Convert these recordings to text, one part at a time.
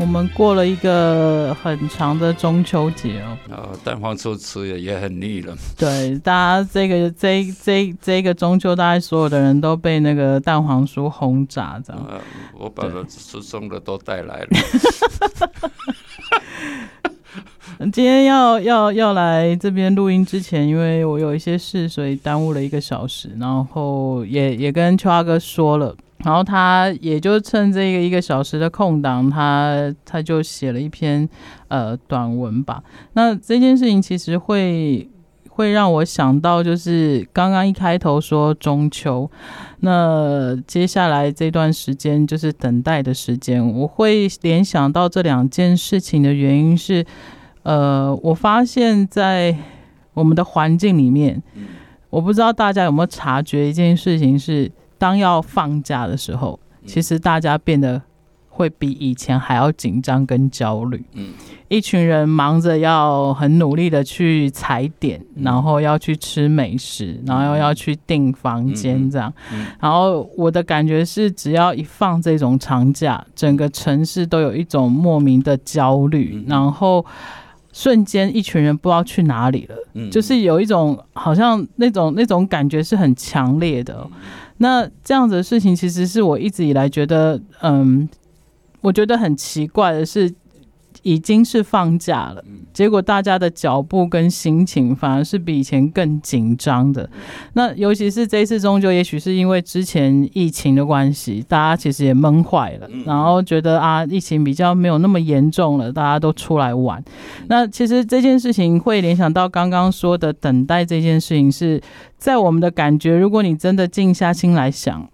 我們過了一個很長的中秋節哦。啊，蛋黃酥吃也也很膩了。對，大家這個這這這個中秋，大概所有的人都被那個蛋黃酥轟炸，這樣。我把吃剩的都帶來了。今天要要要來這邊錄音之前，因為我有一些事，所以耽誤了一個小時，然後也也跟邱華哥說了。然後他也就趁這個一個小時的空檔，他、他他就寫了一篇呃短文吧。那這件事情其實會會讓我想到，就是剛剛一開頭說中秋，那接下來這段時間就是等待的時間，我會聯想到這兩件事情的原因是，呃，我發現在我們的環境裡面，我不知道大家有沒有察覺一件事情是，當要放假的時候，其實大家變得會比以前還要緊張跟焦慮。嗯、一群人忙着要很努力的去踩點，嗯、然後要去吃美食，然後又要去訂房間，這樣。嗯嗯嗯、然後我的感覺是，只要一放這種長假，整個城市都有一種莫名的焦慮，然後瞬間一群人不知道去哪裡了。就是有一種好像那種那種感覺是很強烈的。嗯嗯那這樣子的事情，其實是我一直以來覺得，嗯，我覺得很奇怪的是，已經是放假了，結果大家的腳步跟心情反而是比以前更緊張的。那尤其是這一次中秋，也許是因為之前疫情的關係，大家其實也悶壞了，然後覺得啊，疫情比較沒有那麼嚴重了，大家都出來玩。那其實這件事情會聯想到剛剛說的等待這件事情是，是在我們的感覺，如果你真的靜下心來想。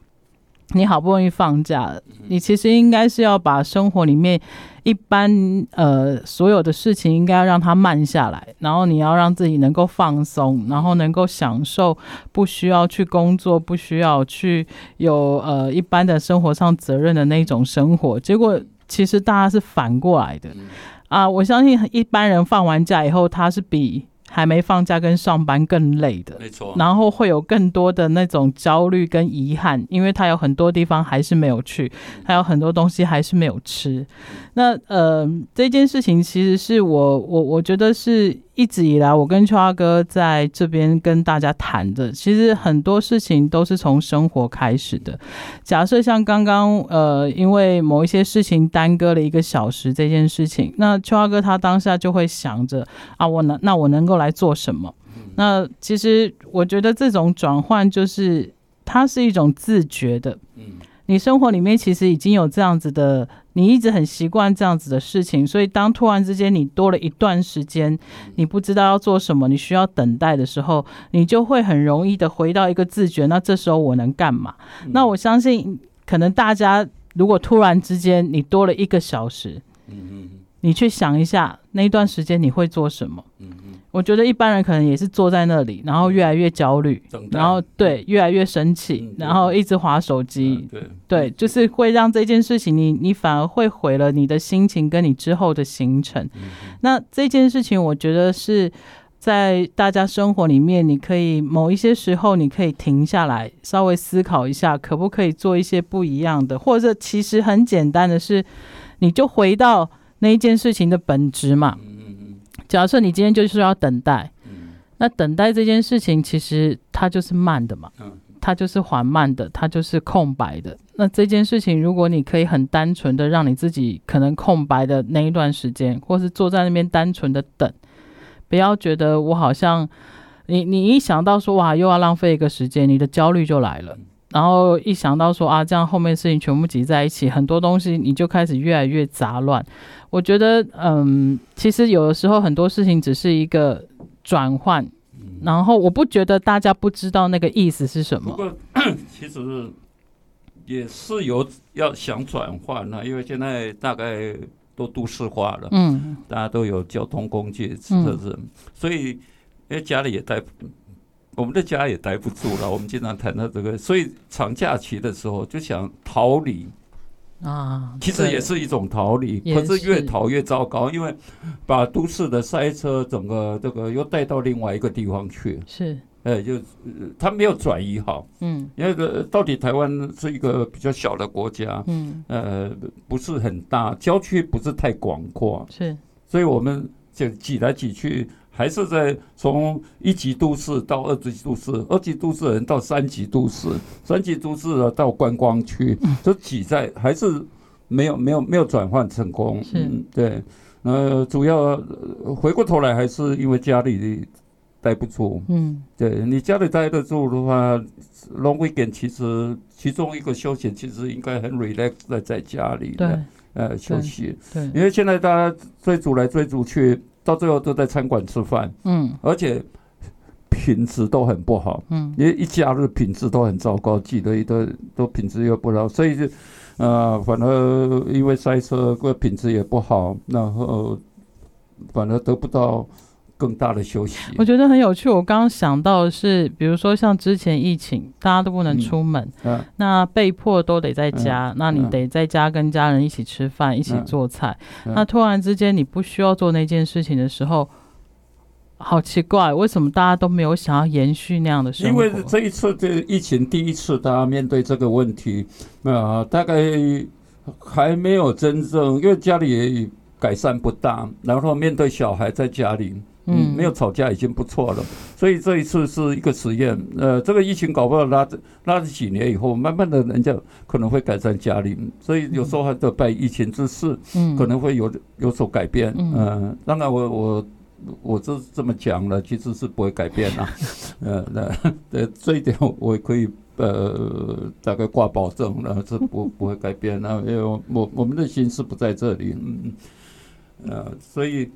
你好不容易放假，你其實應該是要把生活裡面一般呃所有的事情應該要讓它慢下來，然後你要讓自己能夠放鬆，然後能夠享受，不需要去工作，不需要去有呃一般的生活上責任的那種生活。結果其實大家是反過來的啊、呃，我相信一般人放完假以後，他是比。還沒放假跟上班更累的，沒錯。然後會有更多的那種焦慮跟遺憾，因為他有很多地方還是沒有去，他有很多東西還是沒有吃。那呃，這件事情其實是我我我覺得是。一直以來，我跟邱阿哥在這邊跟大家談的，其實很多事情都是從生活開始的。假設像剛剛呃，因為某一些事情耽擱了一個小時這件事情，那邱阿哥他當下就會想着啊，我能那我能夠來做什麼？那其實我覺得這種轉換就是，它是一種自覺的。嗯，你生活裡面其實已經有這樣子的。你一直很習慣這樣子的事情，所以當突然之間你多了一段時間，你不知道要做什麼，你需要等待的時候，你就會很容易的回到一個自覺。那這時候我能幹嘛？嗯、那我相信，可能大家如果突然之間你多了一個小時，嗯、哼哼，你去想一下那一段時間你會做什麼？嗯我覺得一般人可能也是坐在那裡，然後越來越焦慮，然後對越來越生氣，然後一直滑手機。對對，就是會讓這件事情你你反而會毀了你的心情跟你之後的行程。那這件事情，我覺得是在大家生活裡面，你可以某一些時候，你可以停下來稍微思考一下，可不可以做一些不一樣的，或者其實很簡單的是，你就回到那一件事情的本質嘛。假設你今天就是要等待，那等待這件事情其實它就是慢的嘛，它就是緩慢的，它就是空白的。那這件事情，如果你可以很單純的讓你自己可能空白的那一段時間，或是坐在那邊單純的等，不要覺得我好像，你你一想到說哇又要浪費一個時間，你的焦慮就來了。然後一想到說啊，這樣後面事情全部擠在一起，很多東西你就開始越來越雜亂。我覺得，嗯，其實有的時候很多事情只是一個轉換。嗯、然後我不覺得大家不知道那個意思是什麼。不過其實也是有要想轉換呢、啊，因為現在大概都都，都市化了，嗯，大家都有交通工具，是。嗯、所以因為家裡也帶。我們的家也待不住了，我們經常談到這個，所以長假期的時候就想逃離啊，其實也是一種逃離，可是越逃越糟糕，因為把都市的塞車整個這個又帶到另外一個地方去，是，呃，就他沒有轉移好，嗯，那個到底台灣是一個比較小的國家，嗯，呃，不是很大，郊區不是太廣闊，是，所以我們就擠來擠去。還是在從一級都市到二級都市，二級都市人到三級都市，三級都市啊到觀光區，這幾在還是沒有沒有沒有轉換成功。是嗯對，呃，主要回過頭來還是因為家裡待不住。嗯，對你家裡待得住的話 Long weekend 其實其中一個休閒其實應該很 relax 的在家裡的對呃休息。因為現在大家追逐來追逐去。到最後都在餐館吃飯，嗯，而且品質都很不好，嗯，因為一家的品質都很糟糕，記得一堆都品質又不好，所以，啊、呃，反而因為塞車，個品質也不好，然後反而得不到更大的休息，我覺得很有趣。我剛剛想到的是，比如說像之前疫情，大家都不能出門，嗯啊、那被迫都得在家，啊、那你得在家跟家人一起吃飯，啊、一起做菜。啊啊、那突然之間你不需要做那件事情的時候，好奇怪，為什麼大家都沒有想要延續那樣的事情？因為這一次的疫情，第一次大家面對這個問題，啊、呃，大概還沒有真正，因為家裡也改善不大，然後面對小孩在家裡。嗯，沒有吵架已經不錯了，所以這一次是一個實驗。呃，這個疫情搞不好拉拉了幾年以後，慢慢的人家可能會改善家裡，所以有時候還得拜疫情之賜，嗯、可能會有有所改變。嗯、呃，當然我我我這這麼講了，其實是不會改變啦、啊 呃。呃，那這一點我可以呃大概掛保證了、呃，是不不會改變、啊。然後因為我我，我們的心思不在這裡，嗯嗯，呃，所以。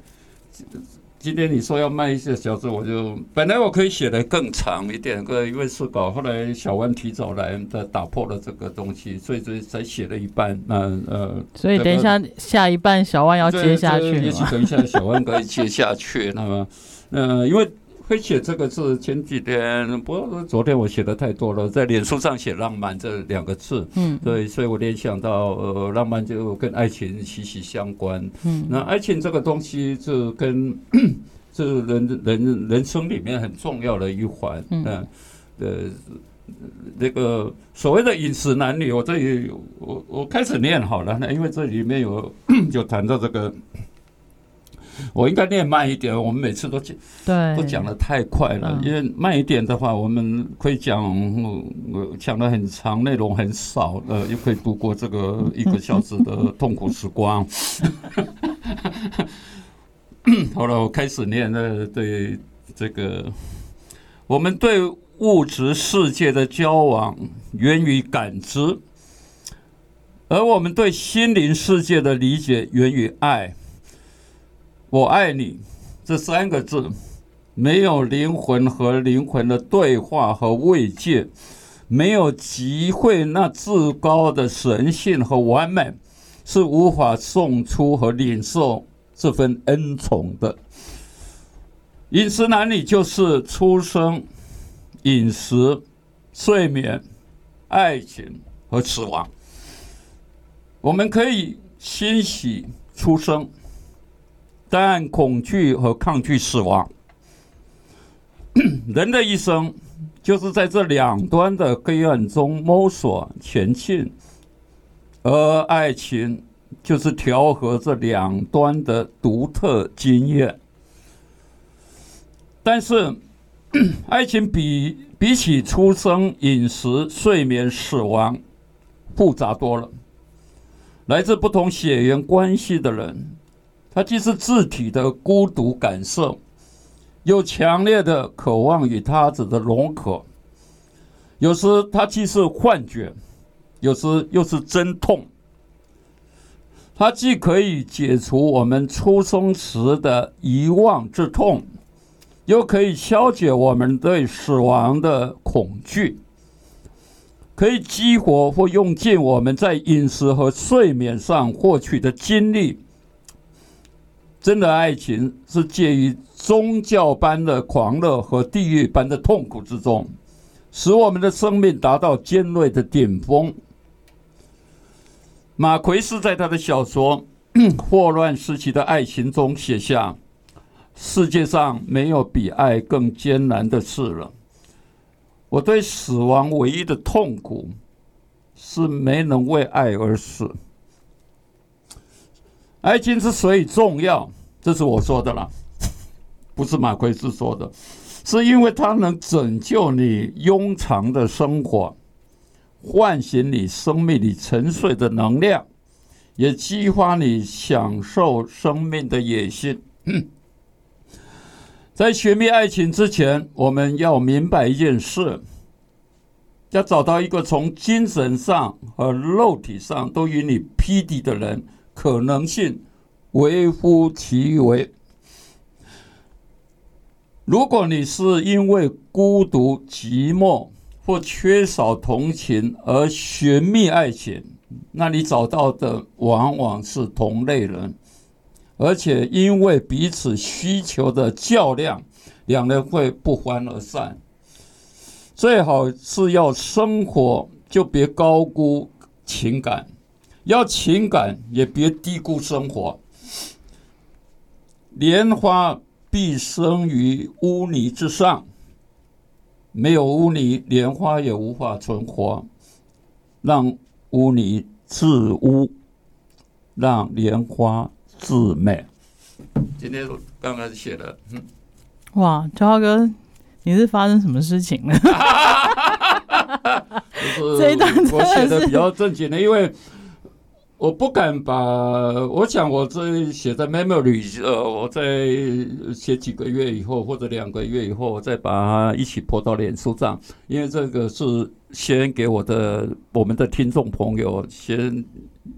今天你說要賣一些小子，我就本來我可以寫得更長一點，個因為是搞，後來小萬提早來，他打破了這個東西，所以就才才寫了一半。那呃，呃所以等一下、這個、下一半，小萬要接下去。也許、這個、等一下小萬可以接下去。 那麼，呃因為。會寫這個字前幾天，不是昨天我寫的太多了，在臉書上寫“浪漫”這兩個字，嗯，對，所以我聯想到“呃、浪漫”就跟愛情息息相關，嗯，那愛情這個東西就跟這 人人人生裡面很重要的一環，嗯，呃，那、這個所謂的飲食男女，我這裡我我開始念好了，那因為這裡面有 有談到這個。我應該念慢一點，我們每次都講，對都講的太快了。嗯、因為慢一點的話，我們可以講，我講的很長，內容很少，呃，又可以度過這個一個小時的痛苦時光。 好了，我開始念了。對這個，我們對物質世界的交往源於感知，而我們對心靈世界的理解源於愛。我愛你這三個字，沒有靈魂和靈魂的對話和慰藉，沒有體會那至高的神性和完美，是無法送出和領受這份恩寵的。飲食男女就是出生、飲食、睡眠、愛情和死亡。我們可以欣喜出生，但恐懼和抗拒死亡，人的一生就是在這兩端的黑暗中摸索前進，而愛情就是調和這兩端的獨特經驗。但是，愛情比比起出生、飲食、睡眠、死亡複雜多了，來自不同血緣關係的人。它既是自體的孤獨感受，又強烈的渴望與他者的融合。有時它既是幻覺，有時又是真痛。它既可以解除我們出生時的遺忘之痛，又可以消解我們對死亡的恐懼，可以激活或用盡我們在飲食和睡眠上獲取的精力。真的愛情是介於宗教般的狂熱和地獄般的痛苦之中，使我們的生命達到尖銳的頂峰。馬奎斯在他的小說《霍亂時期的愛情》中寫下：“世界上沒有比愛更艱難的事了。我對死亡唯一的痛苦，是沒能為愛而死。”愛情之所以重要，這是我說的啦，不是馬奎斯說的，是因為它能拯救你庸常的生活，喚醒你生命裡沉睡的能量，也激發你享受生命的野心。在尋覓愛情之前，我們要明白一件事：要找到一個從精神上和肉體上都與你匹敵的人。可能性微乎其微。如果你是因為孤獨、寂寞或缺少同情而尋覓愛情，那你找到的往往是同類人，而且因為彼此需求的較量，兩人會不歡而散。最好是要生活，就別高估情感。要情感也別低估生活。蓮花必生於污泥之上，沒有污泥，蓮花也無法存活。讓污泥自污，讓蓮花自美。今天剛開始寫的，哇，嘉浩哥，你是發生什麼事情了？哈哈 這一段我寫的比較正經的，因為。我不敢把，我想我這寫在 memory，呃，我在寫幾個月以後或者兩個月以後，我再把它一起播到臉書上，因為這個是先給我的我們的聽眾朋友先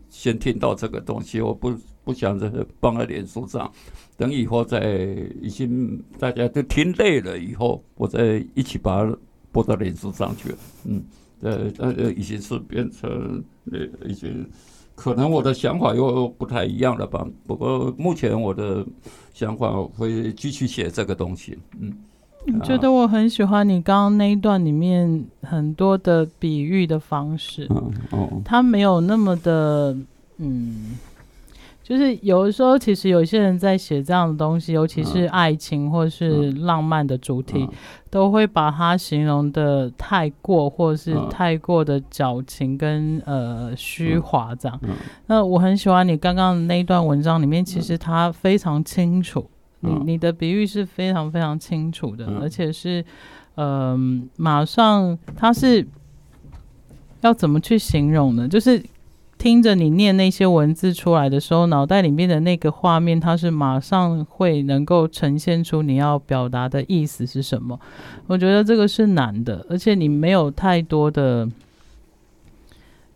先聽到這個東西，我不不想再放在臉書上，等以後再已經大家都聽累了以後，我再一起把它播到臉書上去，嗯，呃呃，已經是變成呃已經。可能我的想法又不太一樣了吧。不過目前我的想法會繼續寫這個東西。嗯，我覺得我很喜歡你剛剛那一段裡面很多的比喻的方式。他、啊、它沒有那麼的嗯。就是有的時候，其實有一些人在寫這樣的東西，尤其是愛情或是浪漫的主題，嗯嗯、都會把它形容得太過，或是太過的矯情跟、嗯、呃虛華這樣。嗯嗯、那我很喜歡你剛剛的那一段文章裡面，其實它非常清楚，嗯、你你的比喻是非常非常清楚的，嗯、而且是嗯、呃，馬上它是要怎麼去形容呢？就是。聽着你念那些文字出來的時候，腦袋裡面的那個畫面，它是馬上會能夠呈現出你要表達的意思是什麼。我覺得這個是難的，而且你沒有太多的，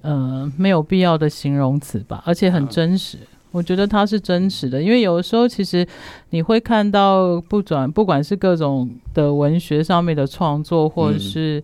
呃，沒有必要的形容詞吧，而且很真實。嗯。我覺得它是真實的，因為有時候其實你會看到不轉，不管是各種的文學上面的創作，或者是。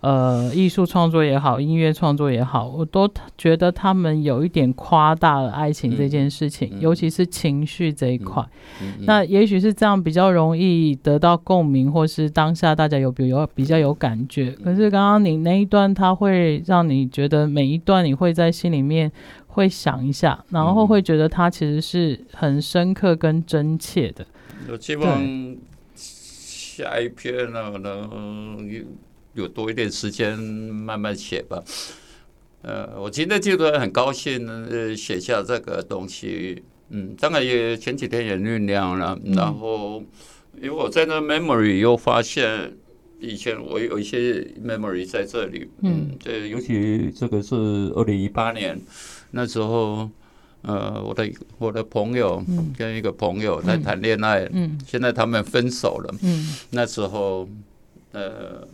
呃，藝術創作也好，音樂創作也好，我都覺得他們有一點誇大了愛情這件事情，嗯嗯、尤其是情緒這一塊。嗯嗯嗯、那也許是這樣比較容易得到共鳴，或是當下大家有比，有比較有感覺。嗯、可是剛剛你那一段，他會讓你覺得每一段你會在心裡面會想一下，然後會覺得他其實是很深刻跟真切的。我、嗯、對希望下一篇可、啊、能。有多一點時間慢慢寫吧。呃，我今天這個很高興寫下這個東西。嗯，當然也前幾天也醞釀了。然後，因為我在那 memory 又發現以前我有一些 memory 在這裡。嗯，這尤其這個是二零一八年那時候，呃，我的我的朋友跟一個朋友在談戀愛。嗯，現在他們分手了。嗯，那時候，呃。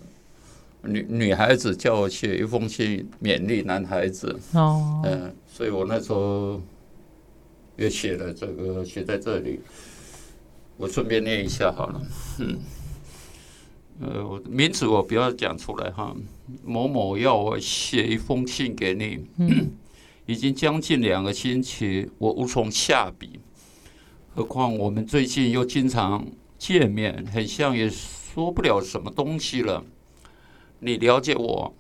女女孩子叫我寫一封信勉勵男孩子，oh. 嗯，所以我那時候也寫了這個寫在這裡，我順便唸一下好了。嗯，呃，我的名字我不要講出來哈。某某要我寫一封信給你，嗯嗯、已經將近兩個星期，我無從下筆。何況我們最近又經常見面，很像也說不了什麼東西了。你了解我，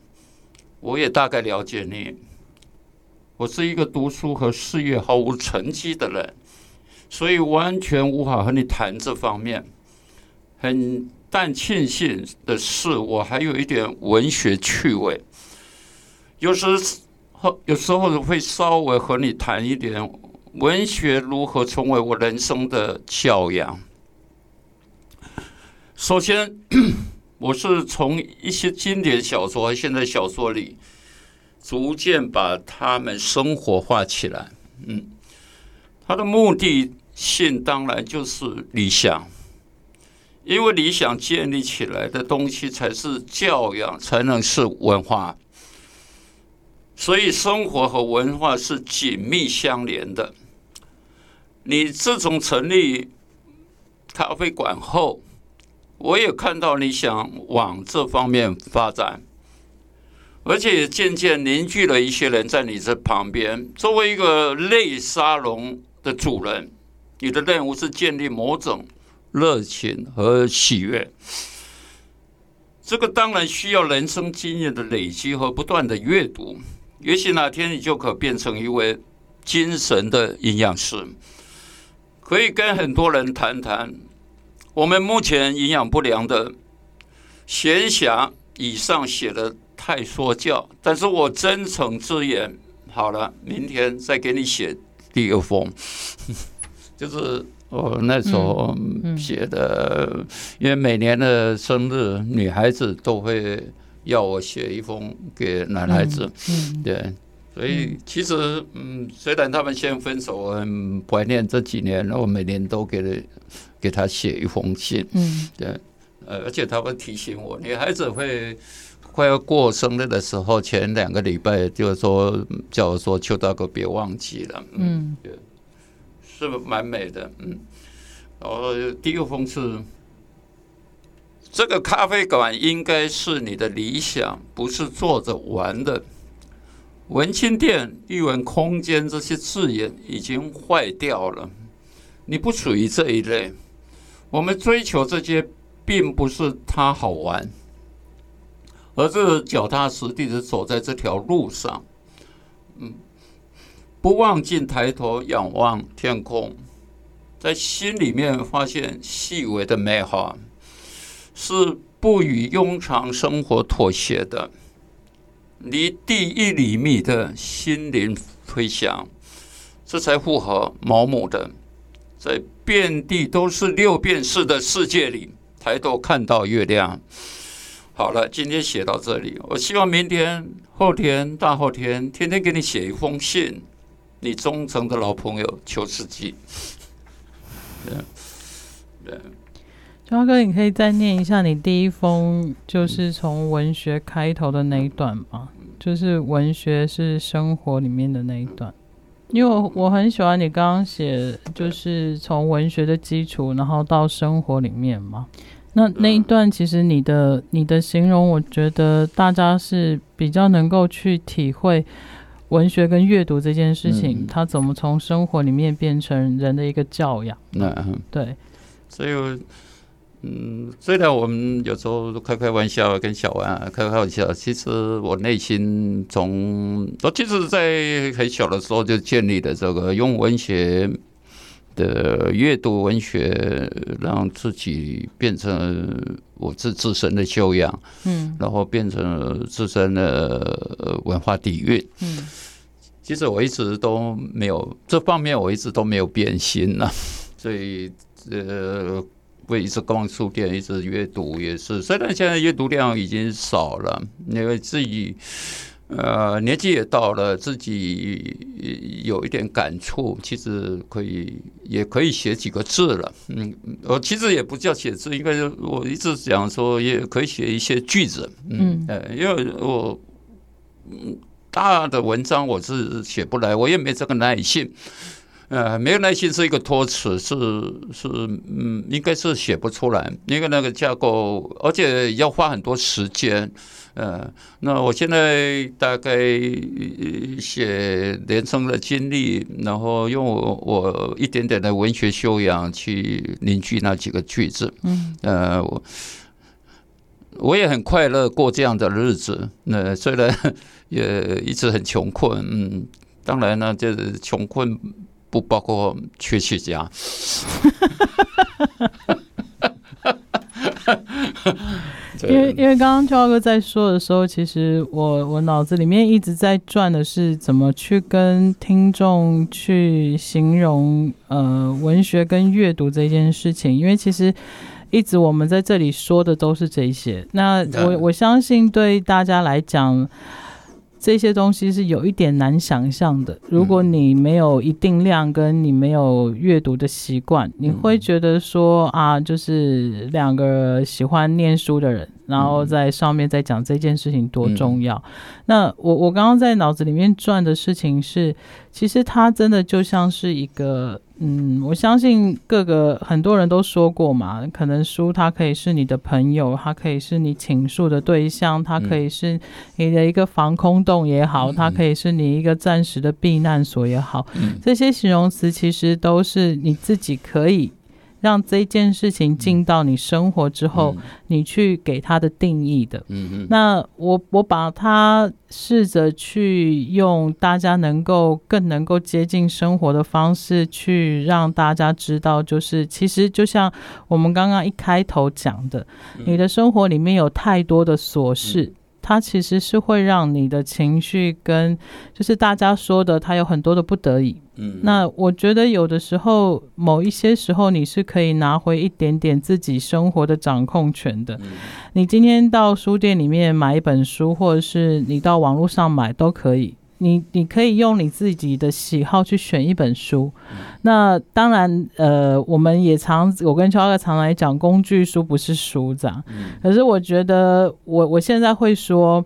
我也大概了解你。我是一個讀書和事業毫無成績的人，所以完全無法和你談這方面。很但慶幸的是，我還有一點文學趣味，有時候有時候會稍微和你談一點文學如何成為我人生的教養。首先。 我是從一些經典小說和現代小說裡，逐漸把他們生活化起來。嗯，他的目的性當然就是理想，因為理想建立起來的東西才是教養，才能是文化。所以，生活和文化是緊密相連的。你自從成立咖啡館後。我也看到你想往這方面發展，而且也漸漸凝聚了一些人在你這旁邊。作為一個類沙龍的主人，你的任務是建立某種熱情和喜悅。這個當然需要人生經驗的累積和不斷的閱讀。也許哪天你就可變成一位精神的營養師，可以跟很多人談談。我們目前營養不良的閒暇，以上寫的太說教，但是我真誠之言，好了，明天再給你寫第二封， 就是我那時候寫的，嗯嗯、因為每年的生日，女孩子都會要我寫一封給男孩子，嗯嗯、對，所以其實嗯，雖然他們先分手，我很懷念這幾年，我每年都給了給他寫一封信，嗯，對，而且他會提醒我，女孩子會快要過生日的時候，前兩個禮拜就是說叫我說邱大哥別忘記了，嗯，對，是蠻美的，嗯，然後第二封是，這個咖啡館應該是你的理想，不是坐着玩的，文青店、藝文空間這些字眼已經壞掉了，你不屬於這一類。我們追求這些，並不是它好玩，而是腳踏實地的走在這條路上，嗯，不忘記抬頭仰望天空，在心裡面發現細微的美好，是不與庸常生活妥協的，離地一厘米的心靈飛翔，這才符合毛姆的，在。遍地都是六便士的世界裡，抬頭看到月亮。好了，今天寫到這裡，我希望明天、後天、大後天，天天給你寫一封信。你忠誠的老朋友，邱士基。對。對。昭哥，你可以再念一下你第一封，就是從文學開頭的那一段嗎？就是文學是生活裡面的那一段。因為我很喜歡你剛剛寫，就是從文學的基礎，然後到生活裡面嘛。那那一段其實你的你的形容，我覺得大家是比較能夠去體會文學跟閱讀這件事情，嗯、它怎麼從生活裡面變成人的一個教養。嗯、對，所以我。嗯，雖然我們有時候開開玩笑，跟小王開開玩笑，其實我內心從我其實在很小的時候就建立了這個用文學的閱讀文學，讓自己變成我自自身的修養，嗯，然後變成自身的文化底蘊，嗯，其實我一直都沒有這方面，我一直都沒有變心呢、啊，所以呃。為一直逛書店，一直閱讀，也是。雖然現在閱讀量已經少了，因為自己，呃，年紀也到了，自己有一點感觸，其實可以，也可以寫幾個字了。嗯，我其實也不叫寫字，應該我一直講說，也可以寫一些句子。嗯，嗯因為我大的文章我是寫不來，我也沒這個耐性。呃，沒有耐心是一個托詞，是是，嗯，應該是寫不出來，因為那個架構，而且要花很多時間。呃，那我現在大概寫人生的經歷，然後用我我一點點的文學修養去凝聚那幾個句子。嗯。呃我，我也很快樂過這樣的日子。那、呃、雖然也一直很窮困，嗯，當然呢，就是窮困。不包括去去家，因為因為剛剛超哥在說的時候，其實我我腦子裡面一直在轉的是怎麼去跟聽眾去形容呃文學跟閱讀這件事情，因為其實一直我們在這裡說的都是這些。那我我相信對大家來講。嗯這些東西是有一點難想象的。如果你沒有一定量，跟你沒有閱讀的習慣，你會覺得說啊，就是兩個喜歡念書的人。然後在上面再講這件事情多重要。嗯、那我我剛剛在腦子裡面轉的事情是，其實它真的就像是一個，嗯，我相信各個很多人都說過嘛，可能書它可以是你的朋友，它可以是你傾訴的對象，它可以是你的一個防空洞也好，它可以是你一個暫時的避難所也好，嗯、這些形容詞其實都是你自己可以。讓這件事情進到你生活之後，嗯、你去給它的定義的。嗯嗯，嗯，那我我把它試着去用大家能夠更能夠接近生活的方式去讓大家知道，就是其實就像我們剛剛一開頭講的，嗯、你的生活裡面有太多的瑣事。嗯它其實是會讓你的情緒跟，就是大家說的，它有很多的不得已。嗯，那我覺得有的時候，某一些時候，你是可以拿回一點點自己生活的掌控權的。嗯，你今天到書店裡面買一本書，或者是你到網絡上買都可以。你你可以用你自己的喜好去選一本書，嗯、那當然，呃，我們也常我跟超哥常來講，工具書不是書這樣，是嗯、可是我覺得我我現在會說，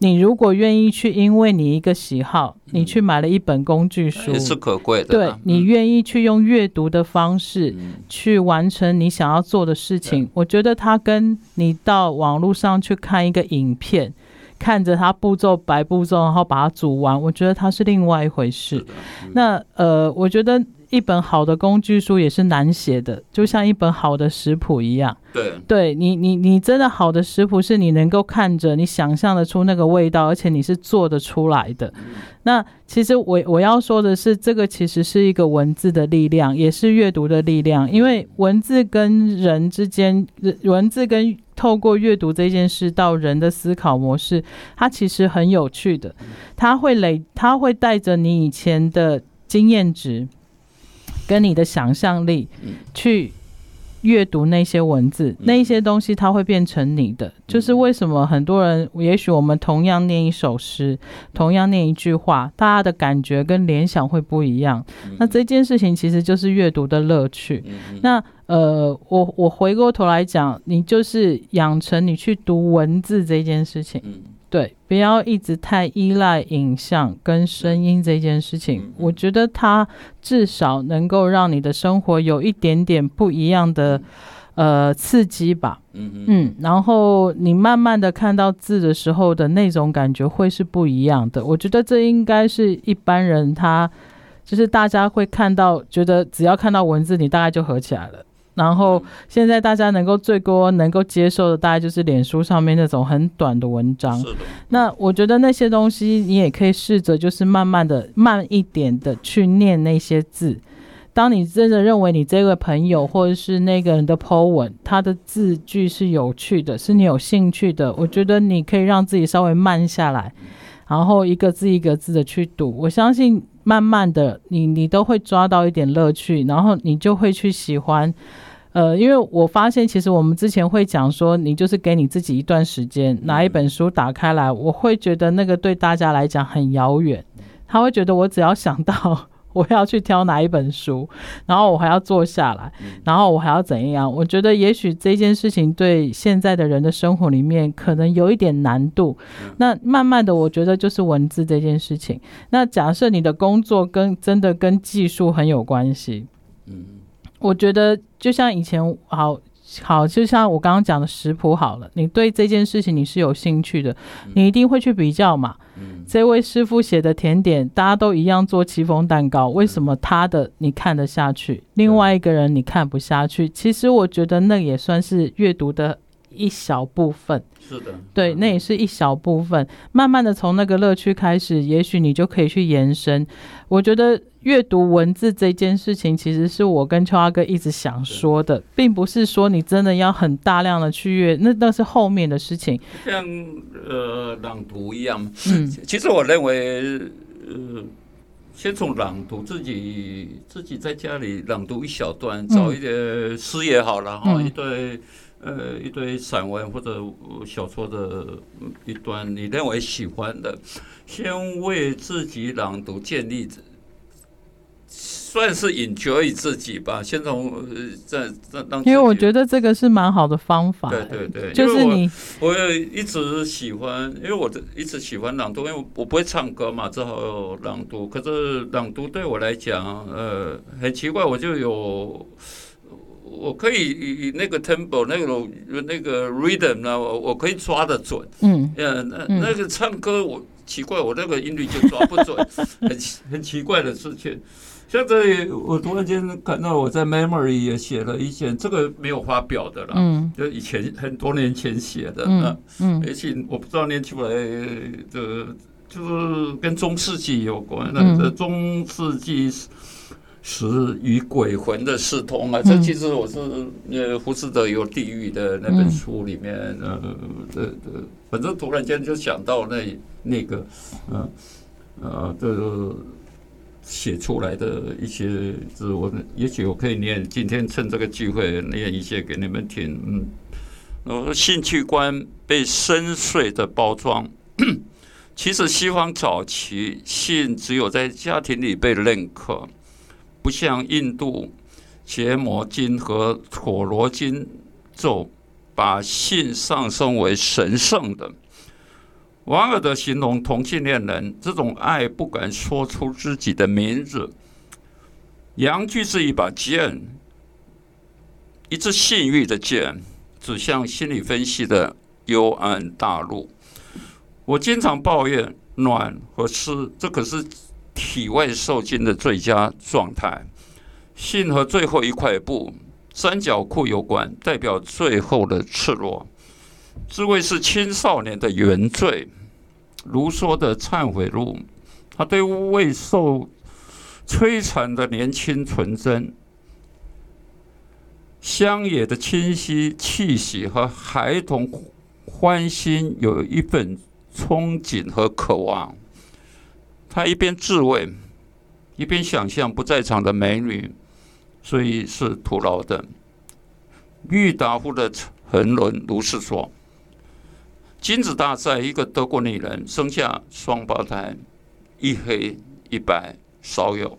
你如果願意去，因為你一個喜好，嗯、你去買了一本工具書，也是可貴的、啊。對，你願意去用閱讀的方式去完成你想要做的事情，嗯、我覺得它跟你到網絡上去看一個影片。看着它步驟，白步驟，然後把它煮完，我覺得它是另外一回事。那呃，我覺得一本好的工具書也是難寫的，就像一本好的食譜一樣。對，對你，你，你真的好的食譜是你能夠看着，你想象得出那個味道，而且你是做得出來的。嗯、那其實我我要說的是，這個其實是一個文字的力量，也是閱讀的力量，因為文字跟人之間，文字跟。透過閱讀這件事到人的思考模式，它其實很有趣的，它會累，它會帶着你以前的經驗值跟你的想象力去閱讀那些文字，嗯、那一些東西它會變成你的。嗯、就是為什麼很多人，也許我們同樣念一首詩，同樣念一句話，大家的感覺跟聯想會不一樣。那這件事情其實就是閱讀的樂趣。嗯嗯嗯、那。呃，我我回過頭來講，你就是養成你去讀文字這件事情，嗯、對，不要一直太依賴影像跟聲音這件事情。嗯嗯、我覺得它至少能夠讓你的生活有一點點不一樣的、嗯、呃刺激吧。嗯，嗯然後你慢慢的看到字的時候的那種感覺會是不一樣的。我覺得這應該是一般人他就是大家會看到覺得只要看到文字，你大概就合起來了。然後現在大家能夠最多能夠接受的，大概就是臉書上面那種很短的文章。是的。那我覺得那些東西，你也可以試着就是慢慢的、慢一點的去念那些字。當你真的認為你這位朋友或者是那個人的 po 文，他的字句是有趣的，是你有興趣的，我覺得你可以讓自己稍微慢下來，然後一個字一個字的去讀。我相信慢慢的你，你你都會抓到一點樂趣，然後你就會去喜歡。呃，因為我發現，其實我們之前會講說，你就是給你自己一段時間，拿、嗯、一本書打開來，我會覺得那個對大家來講很遙遠，他會覺得我只要想到我要去挑哪一本書，然後我還要坐下來，嗯、然後我還要怎樣？我覺得也許這件事情對現在的人的生活裡面可能有一點難度。嗯、那慢慢的，我覺得就是文字這件事情。那假設你的工作跟真的跟技術很有關係，嗯，我覺得。就像以前，好好就像我剛剛講的食譜好了，你對這件事情你是有興趣的，你一定會去比較嘛。嗯，這位師傅寫的甜點，大家都一樣做戚風蛋糕，為什麼他的你看得下去，嗯，另外一個人你看不下去？對其實我覺得那也算是閱讀的。一小部分是的，對，嗯、那也是一小部分。慢慢的從那個樂趣開始，也許你就可以去延伸。我覺得閱讀文字這件事情，其實是我跟邱阿哥一直想說的，的並不是說你真的要很大量的去閱，那那是後面的事情。像呃朗讀一樣，嗯、其實我認為，呃，先從朗讀自己自己在家裡朗讀一小段，找一點詩也好、嗯、然後一對。呃，一堆散文或者小說的一段，你認為喜歡的，先為自己朗讀，建立算是引覺於自己吧。先從在在當因為我覺得這個是蠻好的方法，對對對，就是你我，我也一直喜歡，因為我一直喜歡朗讀，因為我不會唱歌嘛，只好朗讀。可是朗讀對我來講，呃，很奇怪，我就有。我可以，以那個 tempo 那種、個，那個 rhythm 啊，我我可以抓得準。嗯。呃、嗯，那那個唱歌我奇怪，我那個音律就抓不準，很 很奇怪的事情。現在我突然間看到我在 memory 也寫了一些，這個沒有發表的了，嗯、就以前很多年前寫的嗯。嗯嗯。而且我不知道念出來，的，就是跟中世紀有關的，嗯、那個中世紀。死與鬼魂的視通啊，這其實我是呃，福斯的有《地獄》的那本書裡面，呃、嗯，這這、啊，反正突然間就想到那那個，呃、啊啊，這寫、個、出來的一些字，我也許我可以念，今天趁這個機會念一些給你們聽。嗯，我說性器官被深邃的包裝， 其實西方早期性只有在家庭裡被認可。不像印度結魔金和陀羅金咒，把性上升為神聖的。王爾德形容同，同性戀人，這種愛不敢說出自己的名字。陽具是一把劍，一支幸運的劍，指向心理分析的幽暗大陸。我經常抱怨暖和濕，這可是。體外受精的最佳狀態。性和最後一塊布、三角褲有關，代表最後的赤裸。自慰是青少年的原罪。盧梭的《懺悔錄》，他對未受摧殘的年輕純真、鄉野的清新氣息和孩童歡欣，有一份憧憬和渴望。他一邊自慰，一邊想象不在場的美女，所以是徒勞的。郁達夫的沉淪如是說。金子大寨一個德國女人生下雙胞胎，一黑一白，少有。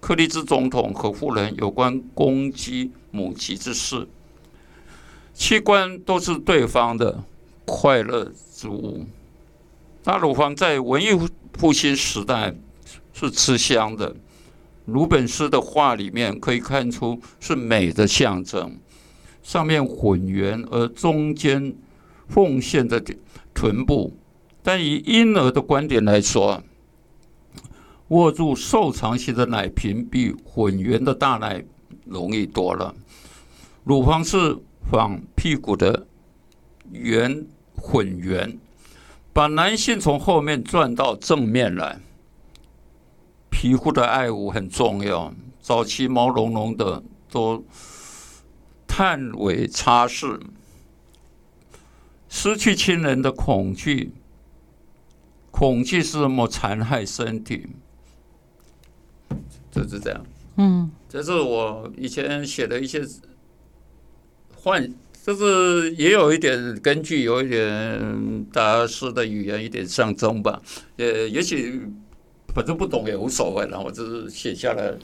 柯立芝總統和夫人有關公雞母雞之事，器官都是對方的快樂之物。那乳房在文藝復興時代是吃香的，魯本斯的畫裡面可以看出是美的象徵，上面渾圓而中間縫線的臀部，但以嬰兒的觀點來說，握住瘦長形的奶瓶比渾圓的大奶容易多了。乳房是仿屁股的圓渾圓。把男性從後面轉到正面來，皮膚的愛撫很重要。早期毛茸茸的多碳尾擦拭，失去親人的恐懼，恐懼是什麼？殘害身體，就是這樣。嗯，這是我以前寫的一些幻。就是也有一點根據，有一點大師的語言，一點象徵吧。呃，也許本身不懂也無所謂了，我只是寫下來。